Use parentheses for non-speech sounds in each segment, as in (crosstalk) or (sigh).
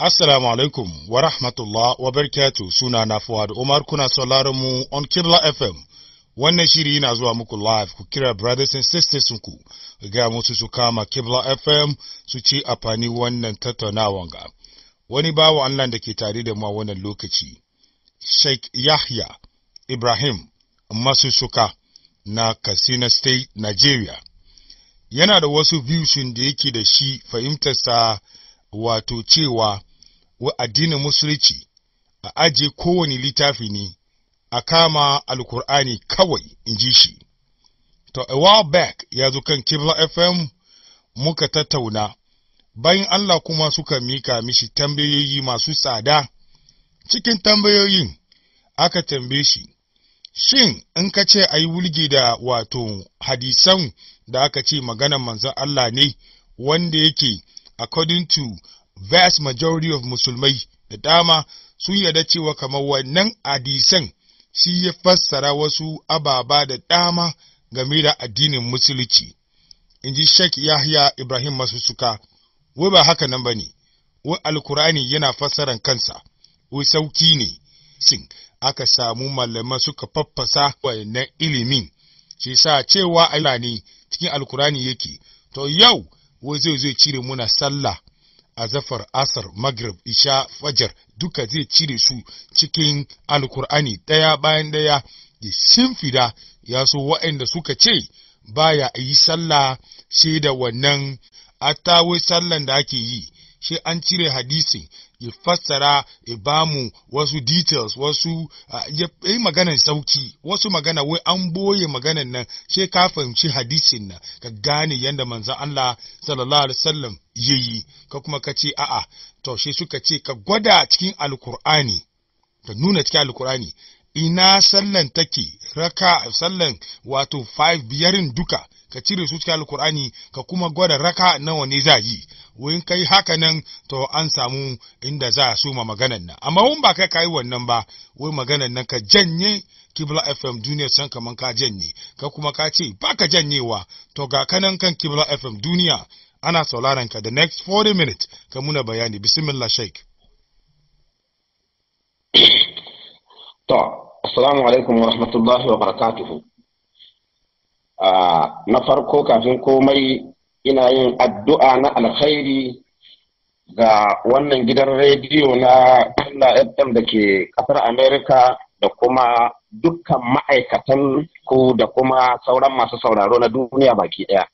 Assalamu alaikum wa rahmatullah wa barkatu suna na Fuad Umar kuna sauraron mu on Kibla FM. Wannan shiri yana zuwa muku live ku kira brothers and sisters ku ga musu su kama Kibla FM su ci afani wannan tattaunawan ga. Wani bawa Allah da ke tare da mu a wannan lokaci Sheikh Yahya Ibrahim masusuka na Katsina State, Nigeria. Yana da wasu views da yake da shi fahimtarsa wato cewa wa addinin musulunci a ajiye kowane littafi ne a kama alkur'ani kawai in ji shi to a while back ya zo kan kibla fm muka tattauna bayan allah kuma suka mika mishi tambayoyi masu tsada cikin tambayoyin aka tambaye shi shin in ka ce a yi wulgi da wato hadisan da aka ce maganar manzon allah ne wanda yake according to vast majority of musulmai da dama sun yarda cewa kamar wannan hadisan shi ya fassara wasu ababa da dama game da addinin musulunci in ji shek yahya ibrahim masussuka wai ba haka nan ba ne wai alkurani yana fassaran kansa wai sauki ne sin aka samu malaman suka faffasa wannan ilimin shi sa cewa ne cikin alkurani yake to yau wai zai zai cire muna sallah azafar asar maghrib isha fajar duka zai cire su cikin alkur'ani ɗaya bayan ɗaya ya shimfida ya so waɗanda suka ce baya a yi sallah sai da wannan attawai sallan da ake yi shi an cire hadisin ya fassara ya ba mu wasu details wasu ah, ya yi maganar sauki wasu magana wai an boye maganar nan Sai ka fahimci hadisin nan ka gane yadda manzan Allah sallallahu alaihi wasallam yi. ka kuma ka ce a'a to suka ce ka gwada cikin alkur'ani ka nuna cikin alkur'ani ina sallan take raka sallan wato 5 biyarin duka ka cire su cikin alkur'ani ka kuma gwada raka nawa ne za yi wurin kai haka nan to an samu inda za a soma maganan nan amma wun ba kai kayi wannan ba wai maganan nan ka janye kibla fm duniya san kaman ka janye ka kuma ka ce ba ka janyewa to ga kanan kan kibla fm duniya ana sauraron ka the next 40 minutes ka muna bayani bismillah sheik (coughs) to assalamu alaikum wa rahmatullahi wa barakatuhu na farko kafin komai ina yin addu'a na alkhairi ga wannan gidan rediyo na Talla FM da ke ƙasar Amerika da kuma dukkan ma'aikatan ku da kuma sauran masu sauraro na duniya baki ɗaya.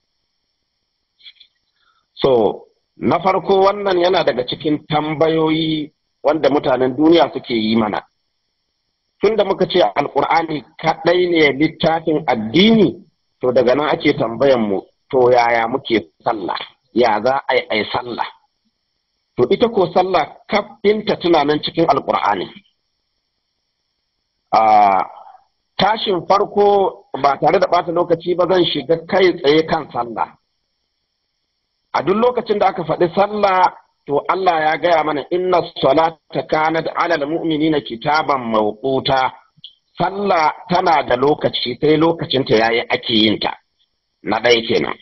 So, na farko wannan yana daga cikin tambayoyi wanda mutanen duniya suke yi mana. Tun da muka ce Alƙur'ani kaɗai ne littafin addini. to daga nan ake tambayan mu to yaya muke sallah ya za a yi sallah to ita ko sallah kafinta tana nan cikin alkur'ani a tashin farko ba tare da ɓata lokaci ba zan shiga kai tsaye kan sallah a duk lokacin da aka faɗi sallah to Allah ya gaya mana inna salata kanat alal mu'minina kitaban mawquta sallah tana da lokaci sai lokacinta ya yi ake yin ta na ɗaya kenan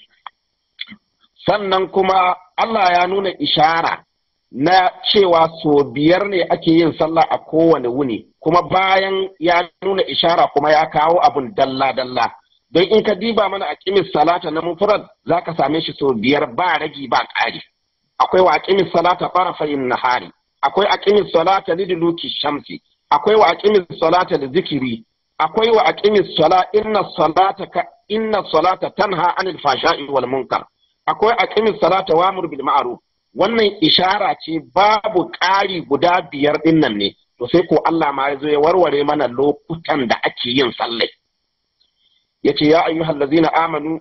sannan kuma Allah ya nuna ishara na cewa so biyar ne ake yin sallah a kowane wuni kuma bayan ya nuna ishara kuma ya kawo abun dalla-dalla don in ka diba mana a ƙimis salata na mufrad za ka same shi so biyar ba ragi ba ƙari akwai wa ƙimis salata farafayin nahari akwai a ƙimis salata lidiluki shamsi akwai wa aqimis salata da zikiri akwai wa aqimis sala inna salata ka inna salata tanha anil fashai wal munkar akwai aqimis salata wa amr bil ma'ruf wannan ishara ce babu ƙari guda biyar dinnan ne to sai ko Allah ma ya zo ya warware mana lokutan da ake yin sallai yace ya ayyuhal ladzina amanu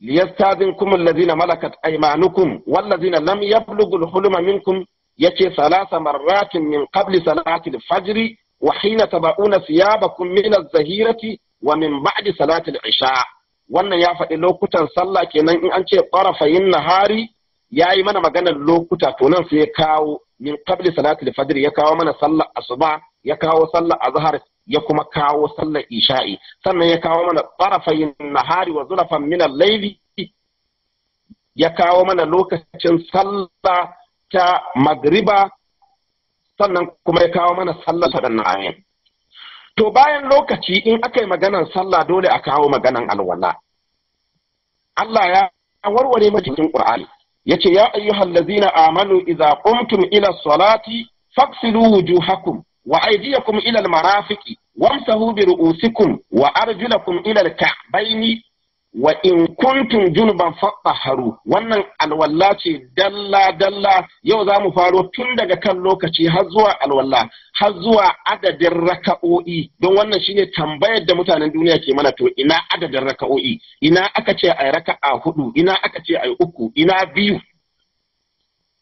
liyastazinkum alladzina malakat aymanukum walladzina lam yablughul hulma minkum yace salasa marratin min qabli salati al-fajr wa hina taba'una siyabakum min az-zahirati wa min ba'di salati al-isha wannan ya faɗi lokutan sallah kenan in an ce qarafayin nahari yayi mana maganar lokuta to nan sai ya kawo min qabli salati al-fajr ya kawo mana sallar asuba ya kawo sallar azhar ya kuma kawo sallar isha'i sannan ya kawo mana tsarafayin nahari wa zulafan min al-laili ya kawo mana lokacin sallah ta magriba sannan kuma ya kawo mana sallar waɗannan ayin to bayan lokaci in aka yi maganan sallah dole a kawo maganan alwala Allah ya warware majikin Qur'ani yace ya ayyuhal ladzina amanu idza qumtum ila salati faksilu wujuhakum wa aydiyakum ila almarafiqi wamsahu bi ru'usikum wa arjulakum ila alka'baini wa in kuntum junuban haru. wannan alwalla ce dalla dalla yau za mu faro tun daga kan lokaci har zuwa alwalla har zuwa adadin raka'o'i don wannan shine tambayar da mutanen duniya ke mana to ina adadin raka'o'i ina aka ce ai raka'a hudu ina aka ce ai uku ina biyu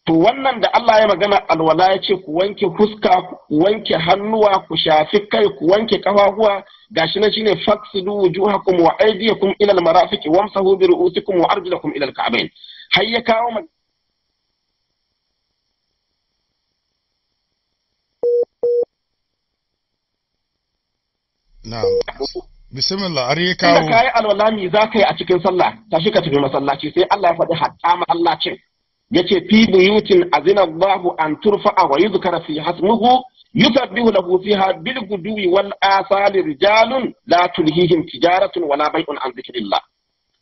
to wannan da Allah ya magana alwala ya ce ku wanke fuska ku wanke hannuwa ku shafi kai ku wanke kafafuwa gashi na shine faksidu wujuhakum wa aydiyakum ila almarafiq wamsahu bi ru'usikum wa arjulakum ila alka'bayn har ya kawo Na'am. Bismillah har ya kawo. Kai alwala mi za ka yi a cikin sallah tashi ka tafi masallaci sai Allah ya faɗi hatta cin yace fi buyutin azina Allahu an turfa'a wa yuzkara fi hasmuhu yusabbihu lahu fiha bil guduwi wal asali rijalun la tulhihim tijaratun wala bai'un an dhikrillah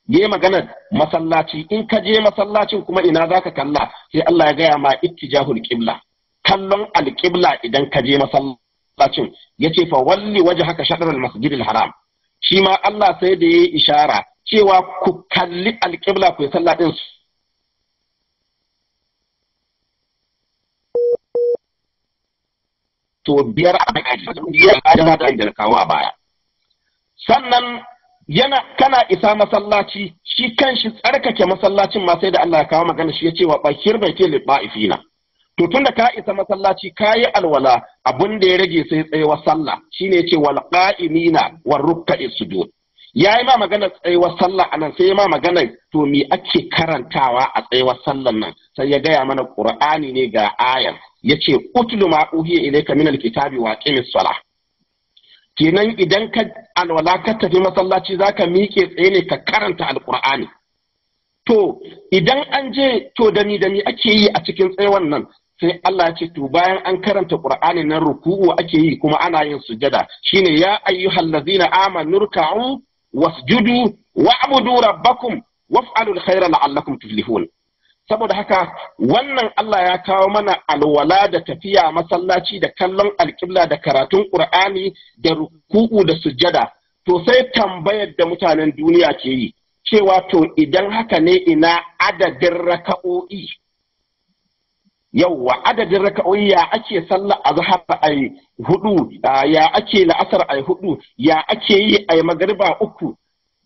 ye magana masallaci in ka je masallacin kuma ina zaka kalla sai Allah ya gaya ma ittijahul qibla kallon alqibla idan ka je masallacin yace fa walli wajhaka shatr al masjidil haram shi ma Allah sai da ya ishara cewa ku kalli alqibla ku yi to biyar a biyar adama da kawo a baya sannan yana kana isa masallaci shi kanshi tsarkake masallacin ma sai da Allah ya kawo magana shi ya wa bakir bai ke liba'ifina to tunda ka isa masallaci kayi alwala abin da ya rage sai tsayuwar sallah shine yace wal qa'imina war rukka'i sujud yayi ma magana tsayuwar sallah anan sai ma magana to me ake karantawa a tsayuwar sallan nan sai ya gaya mana qur'ani ne ga ayar yace utlu ma uhiya ilayka min alkitabi wa aqimis sala. kenan idan ka alwala ka tafi masallaci zaka miƙe tsaye ne ka karanta alqur'ani to idan an je to dami dami ake yi a cikin tsayawan nan sai Allah ce to bayan an karanta Qur'ani nan ruku'u ake yi kuma ana yin sujada shine ya ayyuhal ladzina amanu ruk'u wasjudu wa'budu rabbakum waf'alul khayra la'allakum tuflihun saboda haka wannan Allah ya kawo mana alwala da tafiya masallaci da kallon alƙibla da karatun ƙur'ani da ruku'u da sujjada to sai tambayar da mutanen duniya ke yi cewa to idan haka ne ina adadin raka'o'i yauwa adadin raka'o'i ya ake sallah azhar ai hudu ya ake la'asar ai hudu ya ake yi ai magariba uku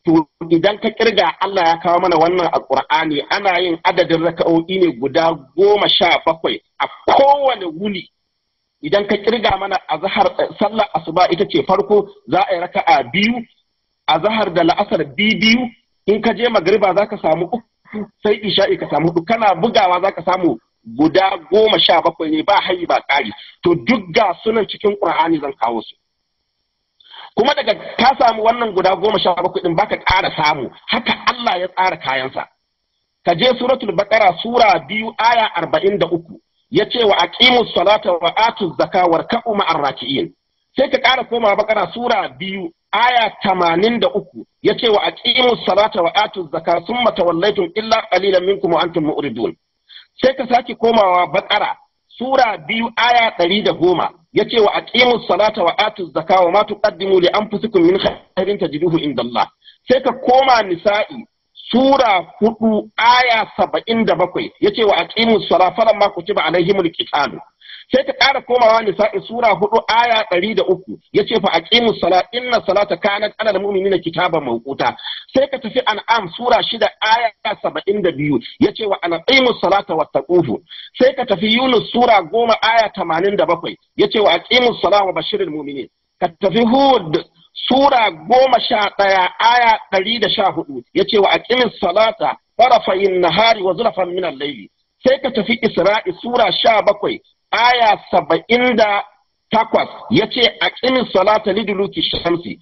to idan ka kirga Allah ya kawo mana wannan a ana yin adadin raka'o'i ne guda goma sha bakwai a kowane wuni idan ka kirga mana a zahar eh, sallar asuba ita ce farko za a yi raka'a biyu a zahar da la'asar biyu in ka je magariba za ka samu uku sai isha'i ka samu hudu kana bugawa za ka samu guda goma sha bakwai ne ba hayi ba ƙari to duk ga sunan cikin ƙur'ani zan kawo su kuma daga ka samu wannan guda goma sha bakwai din baka ƙara samu haka Allah ya tsara kayansa ka je suratul baqara sura biyu aya arba'in da uku ya ce wa aqimu salata wa atu zaka warka'u ma'ar raki'in sai ka ƙara komawa baƙara sura biyu aya tamanin da uku ya ce wa aqimu salata wa atu zaka summa tawallaytum illa qalilan minkum wa antum mu'ridun sai ka sake komawa bakara sura biyu aya ɗari da goma yace wa aqimu salata wa atu zakata wa ma tuqaddimu li anfusikum min khairin tajiduhu indallah sai ka koma nisa'i sura huɗu aya saba'in da bakwai wa aqimu sala falan ma kutiba alaihimul qitalu sai ka ƙara komawa nisa'i sura hudu aya ɗari da uku ya ce fa aqimu salat inna salata kanat ana da mu'minina kitaban mawquta sai ka tafi an'am sura shida aya saba'in da biyu ya ce wa aqimu salata wattaquhu sai ka tafi yunus sura goma aya tamanin da bakwai ya ce wa aqimu salata wa bashiril mu'minin ka tafi hud sura goma sha ɗaya aya ɗari da sha hudu ya ce wa aqimu salata farafayin nahari wa zulafan min al-layli sai ka tafi isra'i sura sha bakwai aya saba'in da takwas ya ce a ƙinin salata liduluki shamsi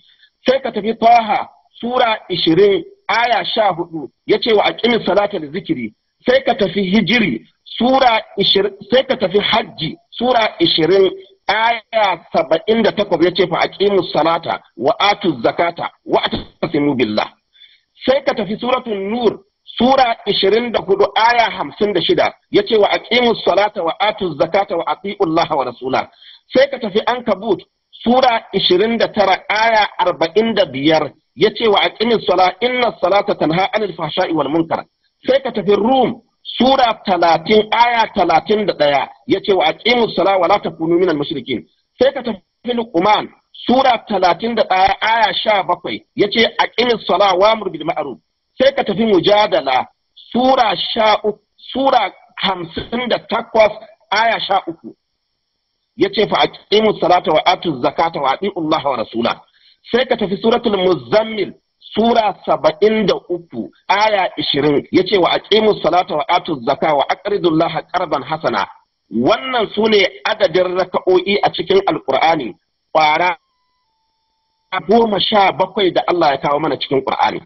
sai ka tafi faha sura ishirin aya sha hudu ya ce wa a ƙinin salata da zikiri sai ka tafi hijiri sura ishirin sai ka tafi hajji sura ishirin aya saba'in da takwas ya ce fa a ƙinin salata wa atu zakata wa a billah sai ka tafi suratun nur Sura 24 aya 56 yace wa aqimus salata wa atuz zakata wa Allah wa rasula. Sai ka tafi Ankabut Sura 29 aya 45 ce wa aqimis sala inna salata tanha anil fahsha'i wal munkar. Sai ka tafi Rum Sura 30 aya 31 yace wa aqimus sala wa la takunu minal mushrikin. Sai ka tafi Luqman Sura 31 aya 17 yace aqimis sala wa amr bil ma'ruf. sai ka tafi mujadala sura sha sura hamsin da takwas aya sha uku ya ce fa aqimu salata wa atu zakata wa atiu Allah wa rasula sai ka tafi suratul muzammil sura saba'in da uku aya ishirin ya ce wa aqimu salata wa atu zaka wa aqridu Allah qarban hasana wannan su ne adadin raka'o'i a cikin alqur'ani kwara goma sha bakwai da Allah ya kawo mana cikin qur'ani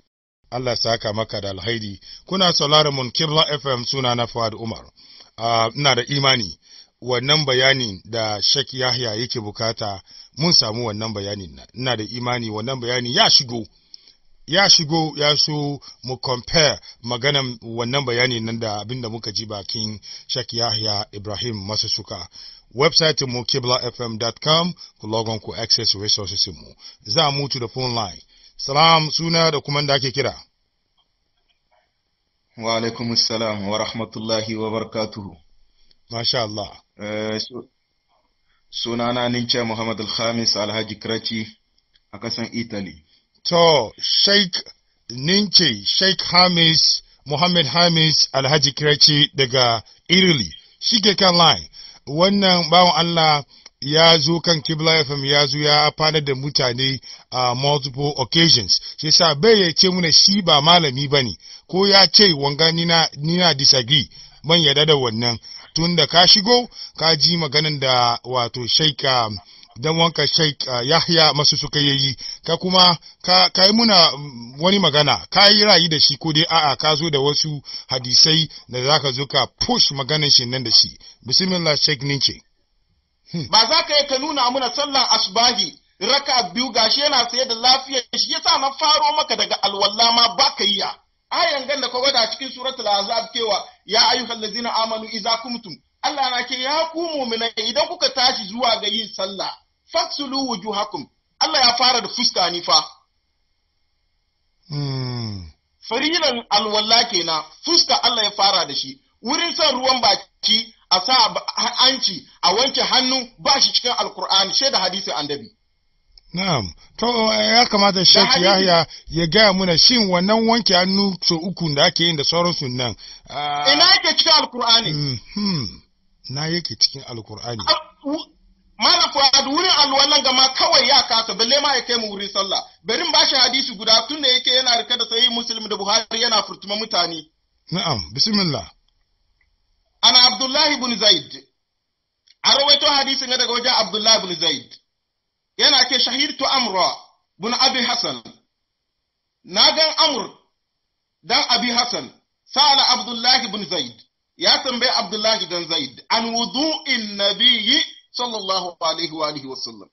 Allah saka maka da alhaidi kuna sauraron mun Kibla FM suna na Fuad Umar ah, ina da imani wannan bayanin da Sheikh Yahya yake bukata mun samu wannan bayanin na ina da imani wannan bayani ya shigo ya shigo ya so mu compare maganan wannan bayani nan da abinda muka ji bakin Sheikh Yahya Ibrahim Masusuka website mu kiblafm.com ku logon ku access resources mu za mu to the phone line salam suna da kuma da ake kira wa alaikum salam wa rahmatullahi wa barkatuhu. masha Allah eh, na nince Muhammad al-Khamis Alhaji Karachi a kasan Italy to Sheikh nince Sheikh Hamis Muhammad Hamis Alhaji Karachi daga Italy ke kan line wannan bawon Allah ya zo kan kibla fm ya zo ya afanar da mutane a multiple occasions shi sa bai ya ce muna shi ba malami ba ne ko ya ce wanga nina disagree ban yada da wannan tun da ka shigo ka ji maganin da wato shaika um, dan wanka sheik uh, yahya masu suka yi ka kuma ka yi muna um, wani magana ka yi rayu da shi ko dai a'a ka zo da wasu hadisai da zaka zo ka push maganin shi nan da shi bismillah sheik ninke Hmm. ba za ka yi ka nuna muna sallan asbahi raka biyu gashi yana saye da lafiyar shi yasa na faro maka daga alwala ma ba ka yi ya. ayan gan da ka gwada cikin suratul azab cewa ya ayyuhal ladzina amanu idza kumtum Allah na ce ya ku idan kuka tashi zuwa ga yin sallah faksulu wujuhakum Allah ya fara da fuska ni fa hmm. farilan alwala kenan fuska Allah ya fara da shi wurin son ruwan baki a sa hanci a wanke hannu ba shi cikin alkur'ani shaida hadisin annabi Na'am, to eh, ya kamata Sheikh Yahya ya gaya muna shin wannan wanke hannu so uku da ake yin da sauransu nan. Ah, Ina yake cikin Alkur'ani? Mm, hmm. Na yake cikin Alkur'ani. Mara Fuad wurin alwallan gama kawai ya kasa balle ma ya kai mu wurin sallah. barin ba shi hadisi guda tun da yake yana rike da sahihi Muslim da Buhari yana furtuma mutane. Na'am, bismillah. an abdullahi ibn zaid a rawaito hadisi ne daga wajen abdullahi ibn zaid yana ke shahidtu amra ibn abi hasan na gan amr dan abi hasan sa'ala abdullahi ibn zaid ya tambaye abdullahi dan zaid an wudu'in nabiyyi sallallahu alaihi wa alihi wasallam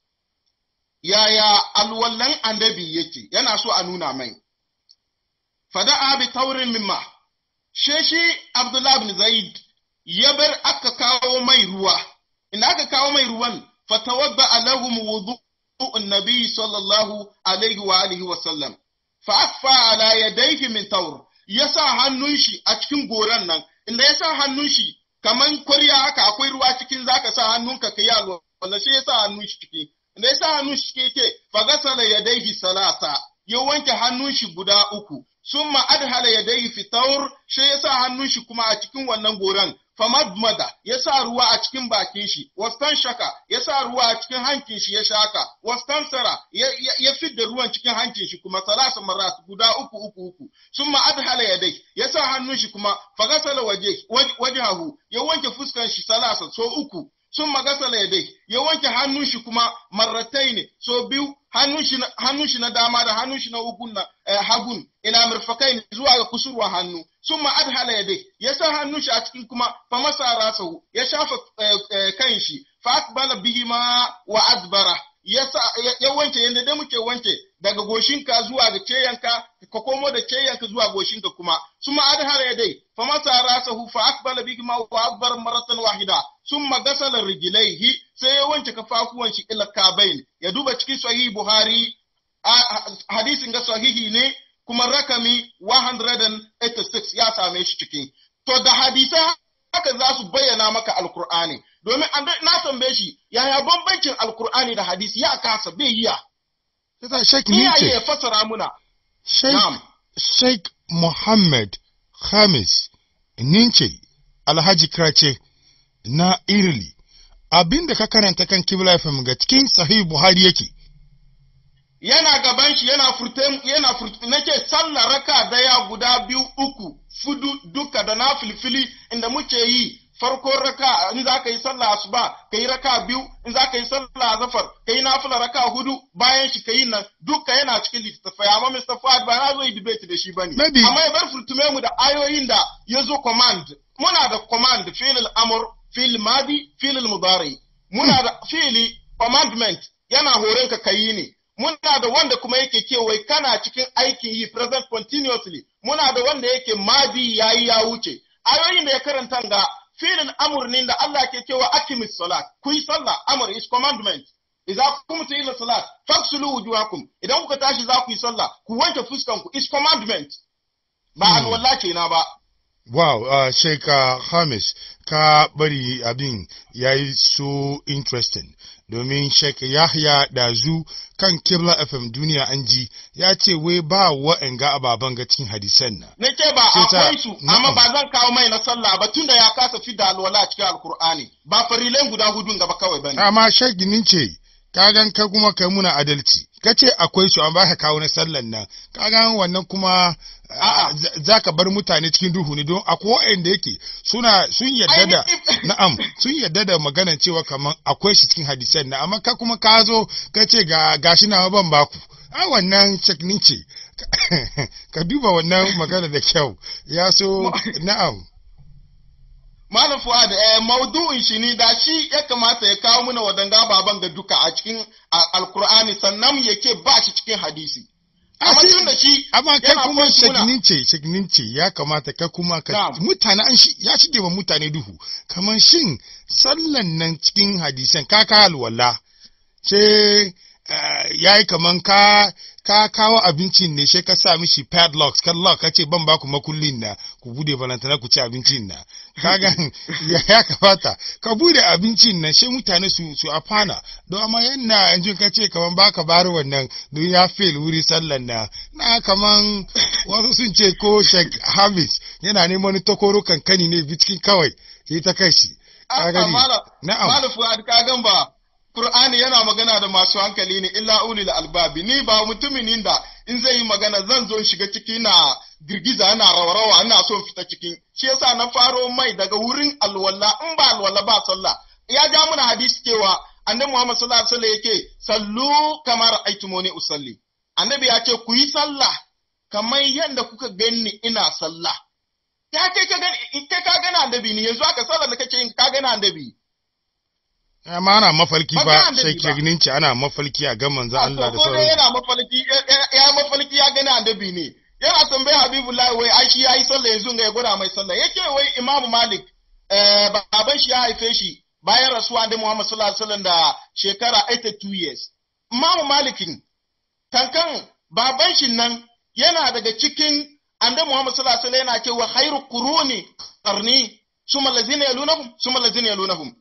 yaya alwallan annabi yake yana so a nuna mai fada'a bi taurin mimma she shi abdullahi ibn zaid ya bar aka kawo mai ruwa in aka kawo mai ruwan fatawadda alahum wudu'un nabi sallallahu alaihi wa alihi wa sallam fa affa ala yadayhi min tawr ya sa hannun shi a cikin goran nan inda ya sa hannun shi kaman kwarya haka akwai ruwa cikin zaka sa hannunka ka yi wanda sai ya sa hannun shi ciki inda ya sa hannun shi ciki ke fa gasala yadayhi salasa ya wanke hannun shi guda uku sun ma'adhala ya dai fitawar shi ya sa hannun shi kuma a cikin wannan goran famadmada ya sa ruwa a cikin bakin shi wastan shaka ya sa ruwa a cikin hankin shi ya shaka wastan sara ya fidda ruwan cikin hankin shi kuma salasa maras guda uku uku uku sun ma'adhala ya dai ya sa hannun shi kuma fagasala waje hahu ya wanke fuskan shi salasa so uku sun magasa laidai ya wanke hannun shi kuma marratai ne so biyu hannun shi na dama da hannun shi na ugun na eh, hagun ina mirfakai ne zuwa ga kusurwa hannu sun ma adhala yadai ya sa hannun shi a cikin kuma fa masa rasahu ya shafa eh, eh, kan shi fa bihi ma wa adbara ya wanke yadda dai muke wanke daga goshinka zuwa ga ceyanka ka komo da ceyanka zuwa goshinka kuma suma adhara ya dai fa mata rasa hu fa akbala bi ma wa akbar maratan wahida summa gasala rijlaihi sai ya wanke kafafuwan shi ila kabain ya duba cikin sahihi buhari hadisin ga sahihi ne kuma rakami 186 ya same shi cikin. to da hadisa haka za su bayyana maka alkur'ani domin an na tambaye shi yaya bambancin alkur'ani da hadisi ya kasa bai yiya sai shek ya fasara muna sheikh muhammad khamis nince alhaji krace na irili abinda ka karanta kan kibla fm ga cikin sahih buhari yake yana gaban shi yana furte yana furte nake sallar raka daya guda biyu uku fudu duka da na filfili inda muke yi farko raka in za ka yi sallah asuba ka yi raka biyu in za ka yi sallah azafar ka yi nafila raka hudu bayan shi ka yi nan duka yana cikin littattafai amma Mr. Fuad ba na zo yi debate da shi bane amma ya bar furtume mu da ayoyin da ya zo command muna da command fi'il amur, amr madi fi'il mudari muna da fi'ili commandment yana horon ka kayi ne muna da wanda kuma yake kewaye kana cikin aikin yi present continuously muna da wanda yake madi yayi ya wuce ayoyin da ya karanta ga filin amurnin da Allah ke cewa akimis salat ku yi sallah amur is commandment idza kumtu ila salat faksulu wujuhakum idan kuka tashi za ku yi sallah ku wanke fuskan ku is commandment ba an hmm. alwala kenan ba Wow, uh, Sheikh uh, Hamis, ka bari abin ya yi so interesting. domin Sheikh Yahya Dazu kan Kibla FM duniya an ji ya ce wai ba wa'en ga ababen ga cikin hadisan nan Na ce ba akwai su amma ba zan kawo mai na sallah ba tunda ya kasa fi da alwala cikin alkur'ani ba farilai guda hudun gaba kawai bane. Amma Sheikh ce ka gan ka kuma kai muna adalci ka ce akwai su an baka kawo na sallan nan ka gan wannan kuma za ka bar mutane cikin duhu ne don akwai wa'anda yake suna sun yadda da (laughs) na'am sun yadda da maganan cewa kamar akwai shi cikin hadisan na amma ka kuma ka zo ka ce ga gashi na ban baku a wannan cikin ce (laughs) ka duba wannan magana da kyau ya so na'am Malam Fuad eh, maudu'in shi ni da shi ya kamata ya kawo mana wadanga baban ga duka a cikin alkur'ani sannan ya yake ba shi cikin hadisi. Amma tun da shi amma kai kuma shagnince shagnince ya kamata ka kuma ka mutane an shi ya shige ba mutane duhu kamar shin sallan nan cikin hadisan ka ka alwala ce eh, yayi kaman ka ka kawo abincin ne sai ka sa mishi padlocks kan lock ka ce ban ba ku makullin na ku bude balantana ku ci abincin na kaga (laughs) ya ya kamata ka bude abincin nan sai mutane su su afana don amma yana yanzu ka ce kaman baka bar wannan don ya fail wuri sallan na na kaman wasu sun ce ko Sheikh Hamid yana neman takoro kankani ne bitkin kawai sai ta kai shi na'am malafu ka gan ba kur'ani yana magana da masu hankali ne illa ulil albabi ni ba mutumin da in zai yi magana zan zo shiga ciki na girgiza ana rawarawa ana son fita cikin shi yasa na faro mai daga wurin alwala in ba alwala ba sallah ya ga muna hadisi cewa annabi Muhammad sallallahu alaihi wasallam yake sallu kamar aitumuni usalli annabi ya ce ku yi sallah kamar yadda kuka gani ina sallah ya kai ka gani ka gana annabi ne yanzu aka sallar da kake yin ka gana annabi amma ana mafarki ba sai ke ci ana mafarki a ga manzo Allah da sauransu yana mafarki ya mafarki ya gani annabi ne yana tambaye Lai wai ai shi yayi sallah yanzu ga ya gura mai sallah yake wai Imam Malik eh, baban shi ya haife shi bayan rasuwa da Muhammad sallallahu alaihi wasallam da shekara 82 years Imam Malikin tankan baban shi nan yana daga cikin anda Muhammad sallallahu alaihi wasallam yana cewa khairu quruni qarni summa allazina yalunahum summa allazina yalunahum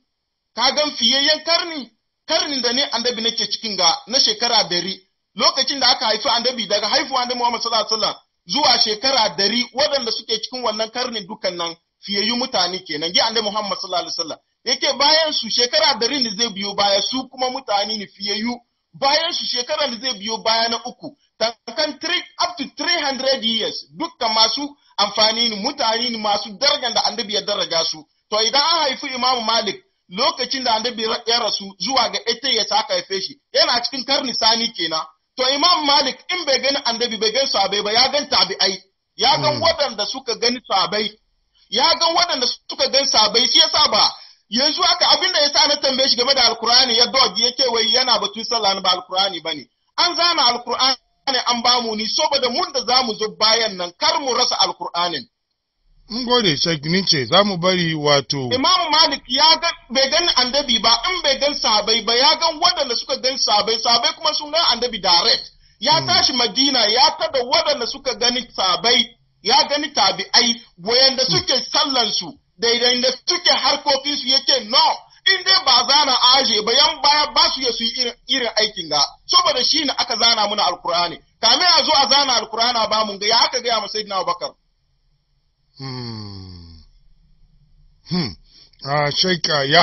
ka gan fiyayyen karni karnin da ne annabi nake cikin ga na shekara dari lokacin da aka haifi annabi daga haifuwa annabi Muhammad sallallahu alaihi wasallam zuwa shekara dari waɗanda suke cikin wannan karnin dukan nan fiyayyu mutane kenan gi annabi Muhammad sallallahu alaihi wasallam yake bayan su shekara dari ne zai biyo baya su kuma mutane ne fiyayyu bayan su shekara da zai biyo baya na uku tankan up to 300 years dukkan masu amfani ne mutane ne masu darajar da annabi ya daraja su to idan an haifi imamu malik lokacin da annabi ya rasu zuwa ga ita ya saka haife shi yana cikin karni sani kenan to imam malik in bai gani annabi bai gani sahabbai ba ya gan tabi'ai ya gan hmm. waɗanda suka gani sahabbai ya gan waɗanda suka gani sahabbai shi yasa ba yanzu haka abin da yasa na tambaye shi game da alkur'ani ya dog yake wai yana batun sallah ba alkur'ani bane an zana alkur'ani an bamu ni saboda mun da zamu zo bayan nan kar mu rasa alkur'anin mun gode Sheikh ce, za mu bari wato. Imam Malik ya ga bai gan annabi ba in bai gan sabai ba ya gan waɗanda suka gan sabai sabai kuma sun gan annabi direct. Ya hmm. tashi Madina ya tada waɗanda suka gani sabai ya gani tabi'ai wayanda hmm. suke sallansu daidai da suke harkokinsu yake no in dai ba zana aje ba yan baya ba su ya su yi irin aikin ga saboda shi aka zana muna alkur'ani kamin a zo a zana alkur'ana ba mun ga ya aka gaya ma na Abubakar Hmm. Hmm. a ah, Sheikh Yahya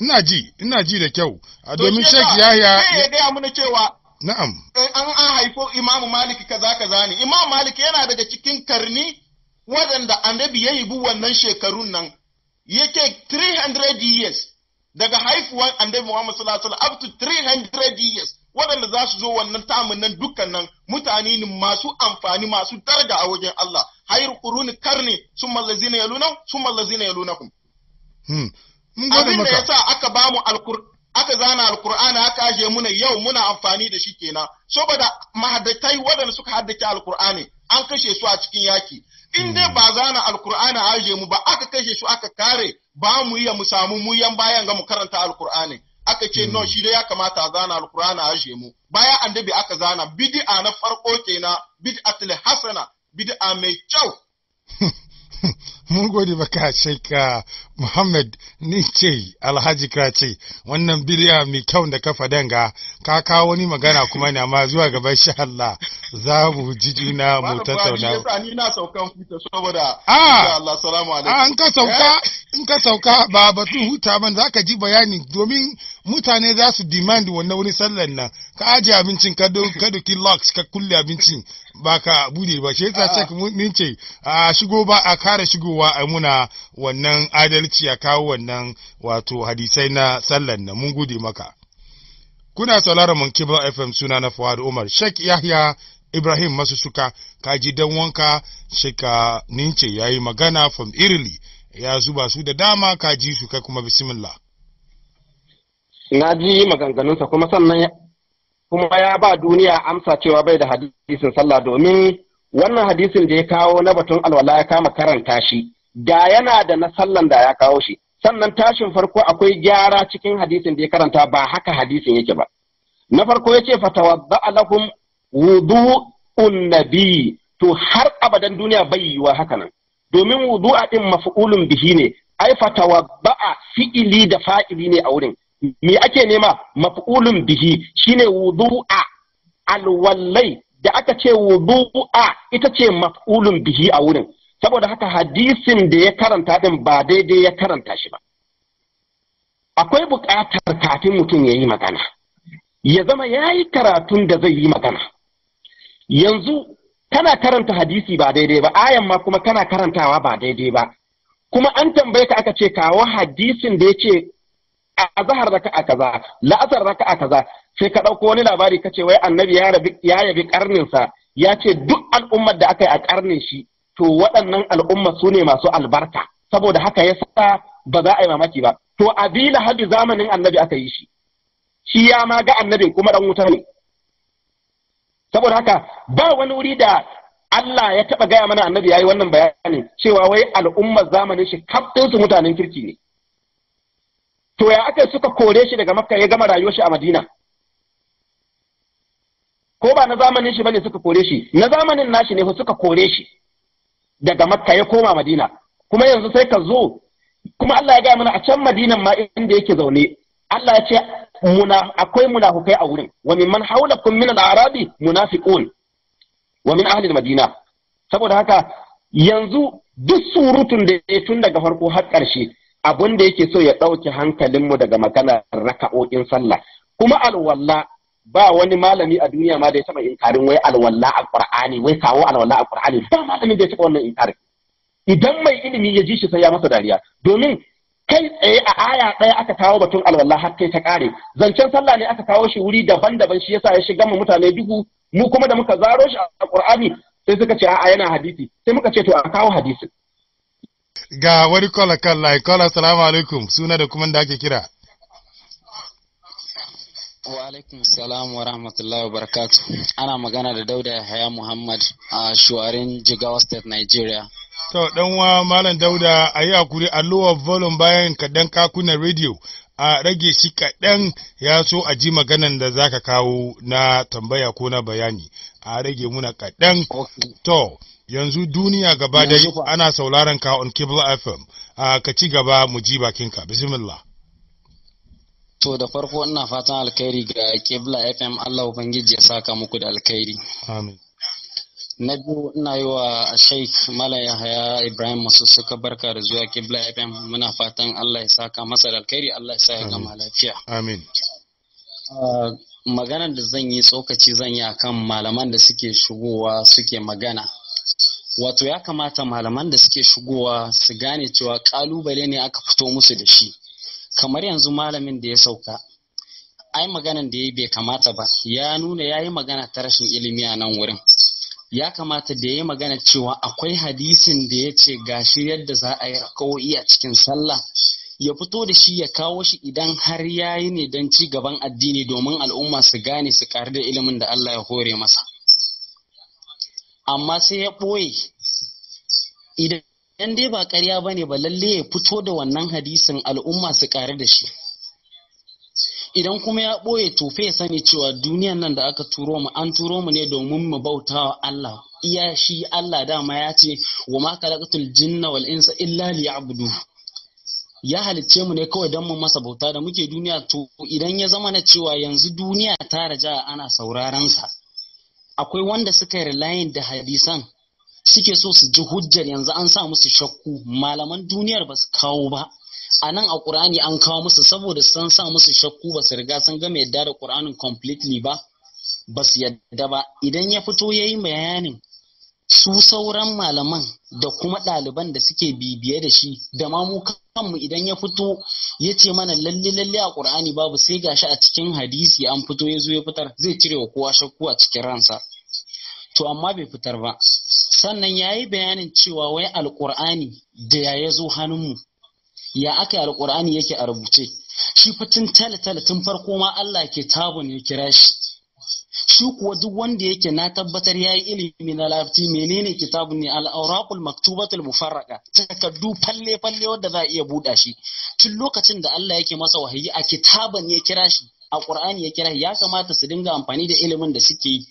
ina ji ina ji da kyau a ah, domin Sheikh Yahya ya gaya cewa na'am eh, an an haifo Imam Malik kaza kaza ne Imam Malik yana daga cikin karni wadanda annabi ya bu wannan shekarun nan yake 300 years daga haifuwan annabi Muhammad sallallahu alaihi wasallam up to 300 years waɗanda za su zo wannan tamin nan dukkan nan mutane ne masu amfani masu daraja a wajen Allah hayar kuruni karni sun mallazina yaluna sun mallazina yalunahum hmm. abin da yasa aka ba mu aka zana alkur'ani aka aje muna yau muna amfani da shi kenan saboda mahaddatai waɗanda suka haddace alkur'ani an kashe su a cikin yaki in dai hmm. ba zana alkur'ani aje mu ba aka kashe su aka kare ba mu iya mu samu muyan bayan ga mu karanta alkur'ani aka ce no mm. shi dai ya kamata a zana alkur'ana a ashe mu baya annabi aka zana bid'a na farko kenan bid'atul hasana bid'a mai kyau (laughs) mun gode baka shakka Muhammad ni ce Alhaji Krace wannan bidiya mai kyau da kafa danga ka kawo wani magana kuma na ma zuwa gaba sha Allah za mu ji juna mu tattauna. Ni na saukan fita saboda ah! Allah salamu ah, alaikum. An ka sauka in ka sauka ba batun huta ban za ka ji bayani domin mutane za su demand wannan wani sallan nan ka aje abincin ka doki locks ka kulle abincin ba ka bude ba shi yasa ah. ce mun ce a shigo ba a kare shigowa a muna wannan adalci. adalci ya kawo wannan wato hadisai na sallan na mun gode maka kuna sauraron mun kibar fm suna na fawad umar shek yahya ibrahim masu suka kaji dan wanka shika nince ya yi magana from irili ya zuba su da dama kaji su kai kuma bismillah na ji maganganunsa kuma sannan kuma ya ba duniya amsa cewa bai da hadisin sallah domin wannan hadisin da ya kawo na batun alwala ya kama karanta shi da yana da na sallan da ya kawo shi sannan tashin farko akwai gyara cikin hadisin da ya karanta ba haka hadisin yake ba na farko yace fatawadda lahum wudu'un nabi to har abadan duniya bai yi wa haka nan domin wudu'a din maf'ulun bihi ne ai tawadda fi'ili da fa'ili ne a wurin me ake nema maf'ulun bihi shine wudu'a alwallai da aka ce wudu'a ita ce maf'ulun bihi a wurin saboda haka hadisin da ya karanta din ba daidai ya karanta shi ba akwai buƙatar kafin mutum ya yi magana ya zama ya yi karatun da zai yi magana yanzu kana karanta hadisi ba daidai ba ayan ma kuma kana karantawa ba daidai ba kuma an tambaye ka aka ce kawo hadisin da ya ce a zahar raka a kaza la'asar raka a kaza sai ka ɗauko wani labari ka ce wai annabi ya yabi karninsa ya ce duk al'ummar da aka yi a karnin shi to waɗannan al'umma su ne masu albarka saboda haka ya sa ba za a yi mamaki ba to abi lahabi zamanin annabi aka yi shi shi ya ma ga annabin kuma dan wuta ne saboda haka ba wani wuri da Allah ya taɓa gaya mana annabi ya yi wannan bayani cewa wai al'umma zamanin shi su mutanen kirki ne. To ya aka suka kore shi daga makka ya gama rayuwar shi a Madina. Ko ba na zamanin shi bane suka kore shi, na zamanin nashi ne suka kore shi. daga makka ya koma madina kuma yanzu sai ka zo kuma Allah ya gaya mana a can madinan ma inda yake zaune Allah ya ce muna akwai munafukai a wurin wa min man hawlakum min al-arabi munafiqun wa min ahli madina saboda haka yanzu duk surutun da ya tun daga farko har ƙarshe abin da yake so ya ɗauke hankalinmu daga maganar raka'o'in sallah kuma alwala ba wani malami a duniya ma da ya taba inkarin wai alwala alqur'ani wai kawo alwala alqur'ani ba malami da ya taba wannan inkarin idan mai ilimi ya ji shi sai ya masa dariya domin kai tsaye a aya ɗaya aka kawo batun alwala har kai ta kare zancen sallah ne aka kawo shi wuri daban-daban shi yasa ya shiga mu mutane duhu mu kuma da muka zaro shi a qur'ani sai suka ce a'a yana hadisi sai muka ce to a kawo hadisin ga wani kola kan lai kola salamu alaikum suna da kuma da ake kira Wa alaikum salam wa rahmatullahi wa barakatu. Ana magana da Dauda Yahaya Muhammad a shuwarin Jigawa State, Nigeria. To dan wa Malam Dauda a yi hakuri alluwa volume bayan kadan kakunan rediyo a rage shi kaɗan ya so a ji maganan da zaka kawo na tambaya ko na bayani a rage muna kadan To yanzu duniya gaba da ana sauraron ka on cable FM ka ci gaba mu ji bakinka bismillah. To da farko ina fatan alkhairi ga Kebla FM Allah Ubangiji ya saka muku da alkhairi. Amin. Na biyu ina yi wa Sheikh Malam Yahaya Ibrahim masu suka barka da zuwa Kebla FM muna fatan Allah ya saka masa da alkhairi Allah ya sa ya gama lafiya. Amin. Ah, maganar da zan yi tsokaci zan yi akan malaman da suke shigowa suke magana. Wato ya kamata malaman da suke shigowa su gane cewa kalubale ne aka fito musu da shi. kamar yanzu malamin da ya sauka ai maganan da ya bai kamata ba ya nuna ya yi magana ta rashin ilimi a nan wurin ya kamata da ya yi magana cewa akwai hadisin da ya ce gashi yadda za a yi rakawo'i a cikin sallah ya fito da shi ya kawo shi idan har ya yi ne don ci gaban addini domin al'umma su gane su ƙari da ilimin da Allah ya hore masa amma sai ya ɓoye idan in dai ba ƙarya ba ne ba lalle ya fito da wannan hadisin al'umma su ƙare da shi idan kuma ya ɓoye tofe ya sani cewa duniyan nan da aka turo mu an turo mu ne domin mu bauta wa Allah iya shi Allah dama ya ce wa ma khalaqatul jinna wal insa illa liya'budu ya halicce mu ne kawai don mu masa bauta da muke duniya to idan ya zama na cewa yanzu duniya ta raja ana sauraron sa akwai wanda suka yi da hadisan suke so su ji hujjar yanzu an sa musu shakku malaman duniyar ba su kawo ba a nan a ƙur'ani an kawo musu saboda sun sa musu shakku ba su riga sun gama yadda da ƙur'anin completely ba ba su yadda ba idan ya fito ya yi bayanin su sauran malaman da kuma ɗaliban da suke bibiye da shi da ma mu kanmu idan ya fito ya ce mana lalle lalle a ƙur'ani babu sai gashi a cikin hadisi an fito ya zo ya fitar zai cire wa kowa shakku a cikin ransa to amma bai fitar ba sannan ya yi bayanin cewa wai alkur'ani da ya zo hannunmu ya aka alkur'ani yake a rubuce shi fitin tale-tale tun farko ma Allah ke tabon ya kira shi shi kuwa duk wanda yake na tabbatar ya yi ilimi na lafti menene kitabun ne al'aurakul maktubatul mufarraka takardu falle-falle wadda za a iya buɗa shi tun lokacin da Allah yake masa wahayi a kitaban ya kira shi a ƙur'ani ya kira ya kamata su dinga amfani da ilimin da suke yi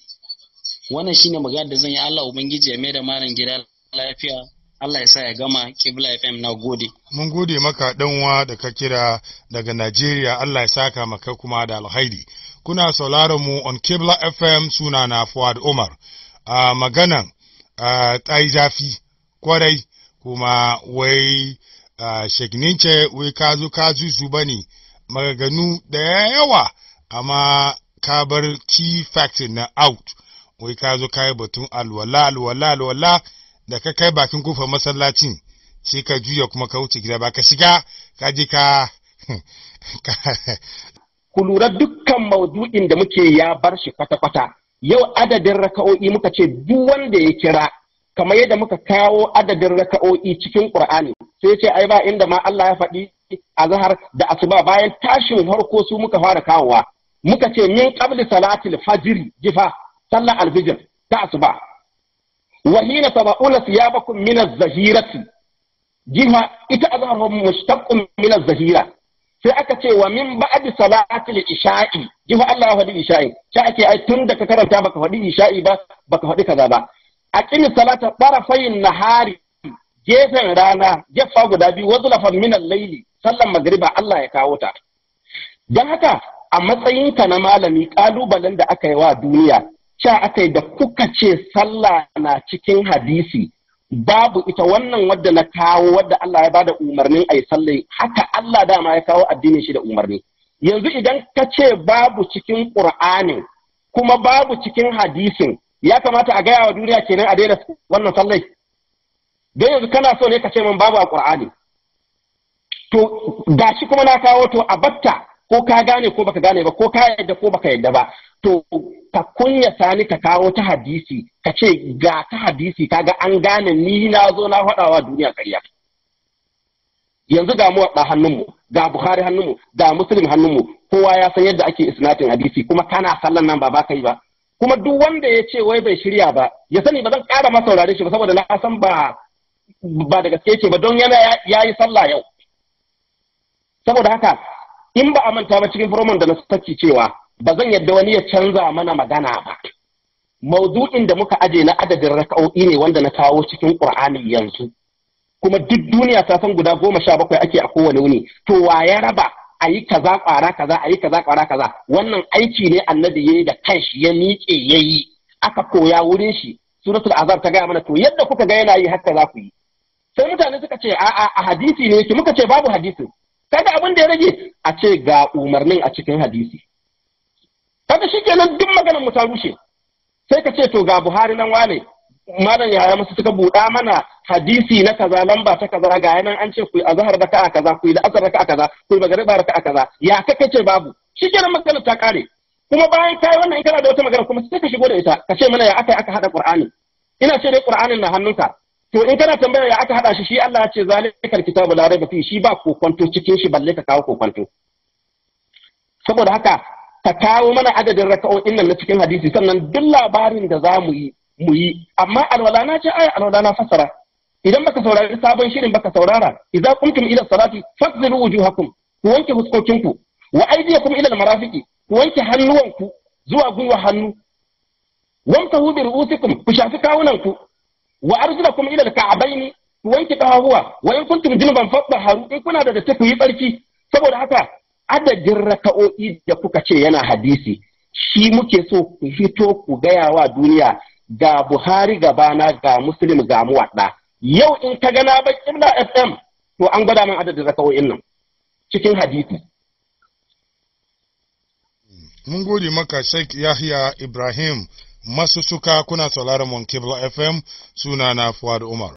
wannan shine magana da zan yi Allah ubangiji ya mai da malam gida lafiya Allah ya sa ya gama Kibla FM na gode. Mun gode maka uwa da ka kira daga Najeriya Allah ya saka maka kuma da alhaidi. Kuna sauraron mu on Kibla FM suna na Fuad Umar. A uh, maganan uh, tsayi zafi kwarai kuma wai uh, shekinince wai kazu kazu su bane maganu da yawa amma ka bar key factor na out. wai ka zo ka yi batun alwala alwala alwala da ka kai bakin kofar masallacin sai ka juya kuma ka wuce gida ba ka shiga ka je ka (laughs) ku lura dukkan maudu'in da muke ya bar shi kwata-kwata yau adadin raka'o'i muka ce duk wanda ya kira kamar yadda muka kawo adadin raka'o'i cikin ƙur'ani sai ce ai ba inda ma Allah ya faɗi a zahar da asuba bayan tashin farko su muka fara kawowa muka ce min qabli salatil fajr jifa sallar alfijir ta asuba wa hina tabaula ya min az-zahirati jima ita azhar mushtaqqun min az-zahira sai aka ce wa min ba'di salati al-isha'i jima Allah ya faɗi isha'i sai ake ai tun da ka karanta baka faɗi isha'i ba baka faɗi kaza ba aqimi salata tarafayn nahari gefen rana jeffa guda biyu wasu lafan minan laili Sallar magriba Allah ya kawo ta don haka a matsayinka na malami ƙalubalen da aka yi duniya sha aka yi da kuka ce sallah na cikin hadisi babu ita wannan wadda na kawo wadda Allah ya bada umarnin a yi sallai haka Allah dama ya kawo addinin shi da umarni yanzu idan ka ce babu cikin ƙur'anin kuma babu cikin hadisin ya kamata a gaya wa duniya kenan a daina wannan sallai don yanzu kana so ne ka ce min babu a ƙur'ani to gashi kuma na kawo to a batta ko ka gane ko baka gane ba ko ka yadda ko baka yadda ba to ka kunyata ni ka kawo ta hadisi ka ce ga ta hadisi ga an gane ni na zo na faɗawa duniya ƙarya yanzu ga mu waɗa hannunmu ga bukhari hannunmu ga muslim hannunmu kowa ya san yadda ake isnatin hadisi kuma kana sallan nan ba ba kai ba kuma duk wanda ya ce wai bai shirya ba ya sani ba zan ƙara masa saurare shi ba saboda na san ba ba da gaske ce ba don yana ya yi sallah yau saboda haka in ba a manta ba cikin firomon da na saki cewa ba zan yadda wani ya canza mana magana ba maudu'in da muka aje na adadin raka'o'i ne wanda na kawo cikin ƙur'ani yanzu kuma duk duniya ta san guda goma sha bakwai ake a kowane wuni to wa ya raba a yi kaza ƙwara kaza a yi kaza ƙwara kaza wannan aiki ne annabi ya yi da kanshi ya miƙe ya yi aka koya wurin shi suratul azab ta gaya mana to yadda kuka ga yana yi haka za ku yi sai mutane suka ce a'a a hadisi ne yake muka ce babu hadisi kada abin da ya rage a ce ga umarnin a cikin hadisi kada shi kenan duk maganar mu ta rushe sai ka ce to ga buhari nan wane malam yaya musu suka buɗa mana hadisi na kaza lamba ta kaza ga yanan an ce ku azhar ka a kaza ku da ka a kaza ku magariba ka a kaza ya ka ce babu shi kenan maganar ta kare kuma bayan kai wannan in kana da wata magana kuma sai ka shigo da ita ka ce mana ya aka aka hada qur'ani ina ce dai qur'anin na hannunka to in kana tambaya ya aka hada shi shi Allah ya ce zalikal kitabu la raiba fi shi ba kokonto cikin shi balle ka kawo kokonto saboda haka ka kawo mana adadin raka'o'in nan na cikin hadisi sannan duk labarin da za mu yi mu yi amma alwala na ce aya alwala na fasara idan baka saurari sabon shirin baka saurara idza qumtum ila salati fasilu wujuhakum ku wanke huskokinku wa aydiyakum ila almarafiqi ku wanke hannuwanku zuwa gwiwa hannu wamsahu bi ru'usikum ku shafi kawunanku wa arjulakum ila alka'bayn ku wanke kafafuwa wa in kuntum junuban fatahharu in kuna da datti ku yi tsarki saboda haka adadin raka'o'i da kuka ce yana hadisi shi muke so ku fito ku gaya wa duniya ga Buhari gabana ga Muslim ga muwaɗa yau in ka gana ba kibla FM to an gwada min adadin raka'o'in nan cikin hadisi mun gode maka Sheikh Yahya Ibrahim masu suka kuna sauraron Monkibla FM suna na Fuad Umar